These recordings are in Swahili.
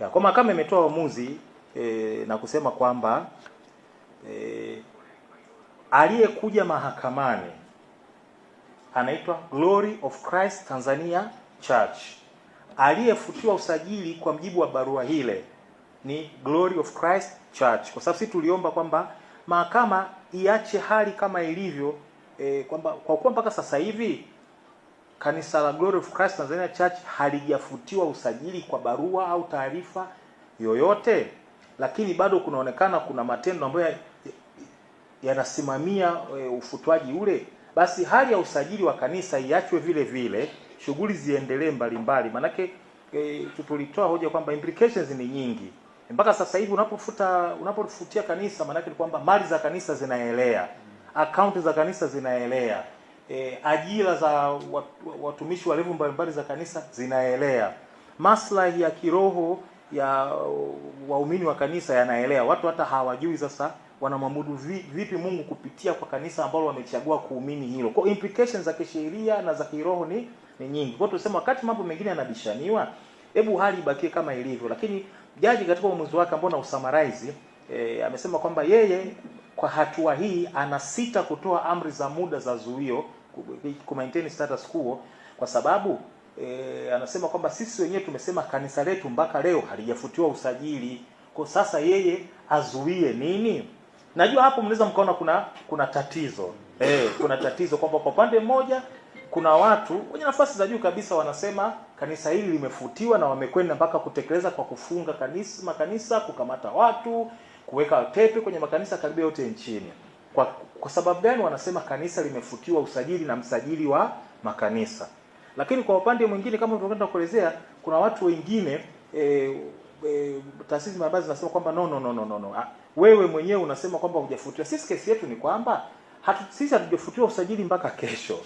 Ya, kwa mahakama imetoa uamuzi e, na kusema kwamba e, aliyekuja mahakamani anaitwa Glory of Christ Tanzania Church. Aliyefutiwa usajili kwa mjibu wa barua hile ni Glory of Christ Church, kwa sababu sisi tuliomba kwamba mahakama iache hali kama ilivyo e, kwamba kwa kuwa mpaka sasa hivi Kanisa la Glory of Christ Tanzania Church halijafutiwa usajili kwa barua au taarifa yoyote, lakini bado kunaonekana kuna matendo ambayo yanasimamia e, ufutwaji ule, basi hali ya usajili wa kanisa iachwe vile vile, shughuli ziendelee mbalimbali. Manake e, tulitoa hoja kwamba implications ni nyingi. Mpaka sasa hivi unapofuta unapofutia kanisa, maanake ni kwamba mali za kanisa zinaelea, akaunti za kanisa zinaelea e, ajira za watumishi wa levu mbalimbali za kanisa zinaelea, maslahi ya kiroho ya waumini wa kanisa yanaelea. Watu hata hawajui sasa wanamwabudu vipi Mungu kupitia kwa kanisa ambalo wamechagua kuumini hilo. Kwa implications za kisheria na za kiroho ni ni nyingi. Kwa tusema wakati mambo mengine yanabishaniwa, hebu hali ibakie kama ilivyo. Lakini jaji katika uamuzi wake ambao na usamarize e, amesema kwamba yeye kwa hatua hii anasita kutoa amri za muda za zuio ku maintain status quo kwa sababu e, anasema kwamba sisi wenyewe tumesema kanisa letu mpaka leo halijafutiwa usajili. Kwa sasa yeye azuie nini? Najua hapo mnaweza mkaona kuna kuna tatizo eh, kuna tatizo kwamba kwa pande mmoja kuna watu wenye nafasi za juu kabisa wanasema kanisa hili limefutiwa na wamekwenda mpaka kutekeleza kwa kufunga kanisa, makanisa, kukamata watu, kuweka tepe kwenye makanisa karibu yote nchini. Kwa, kwa sababu gani wanasema kanisa limefutiwa usajili na msajili wa makanisa? Lakini kwa upande mwingine kama tunavyokwenda kuelezea, kuna watu wengine e, e, taasisi mbalimbali zinasema kwamba no, no, no, no, no. A, wewe mwenyewe unasema kwamba hujafutiwa. Sisi kesi yetu ni kwamba hatu, sisi hatujafutiwa usajili mpaka kesho.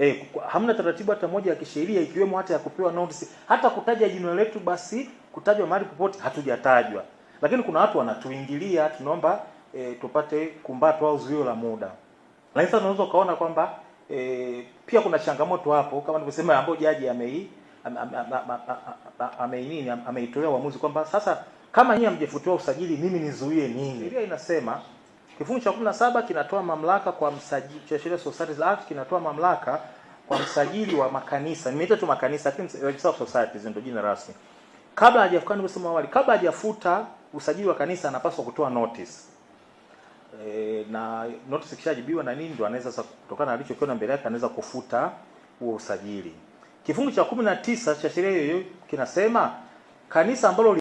E, hamna taratibu hata moja ya kisheria ikiwemo hata ya kupewa notice, hata kutaja jina letu, basi kutajwa mahali popote hatujatajwa. Lakini kuna watu wanatuingilia, tunaomba e, tupate kumbato au zuio la muda. Na sasa unaweza ukaona kwamba e, pia kuna changamoto hapo kama nilivyosema, ambayo jaji amei nini ameitolea uamuzi kwamba sasa kama yeye hamjafutiwa usajili mimi nizuie nini? Sheria inasema kifungu cha 17 kinatoa mamlaka kwa msajili cha Sheria Societies Act kinatoa mamlaka kwa msajili wa makanisa. Nimeita tu makanisa lakini Register of Societies ndio jina rasmi. Kabla hajafuta, nimesema awali, kabla hajafuta usajili wa kanisa anapaswa kutoa notice e, na notice ikishajibiwa na nini, ndio anaweza sasa, kutokana na alichokiona mbele yake, anaweza kufuta huo usajili. Kifungu cha 19 cha sheria hiyo kinasema kanisa ambalo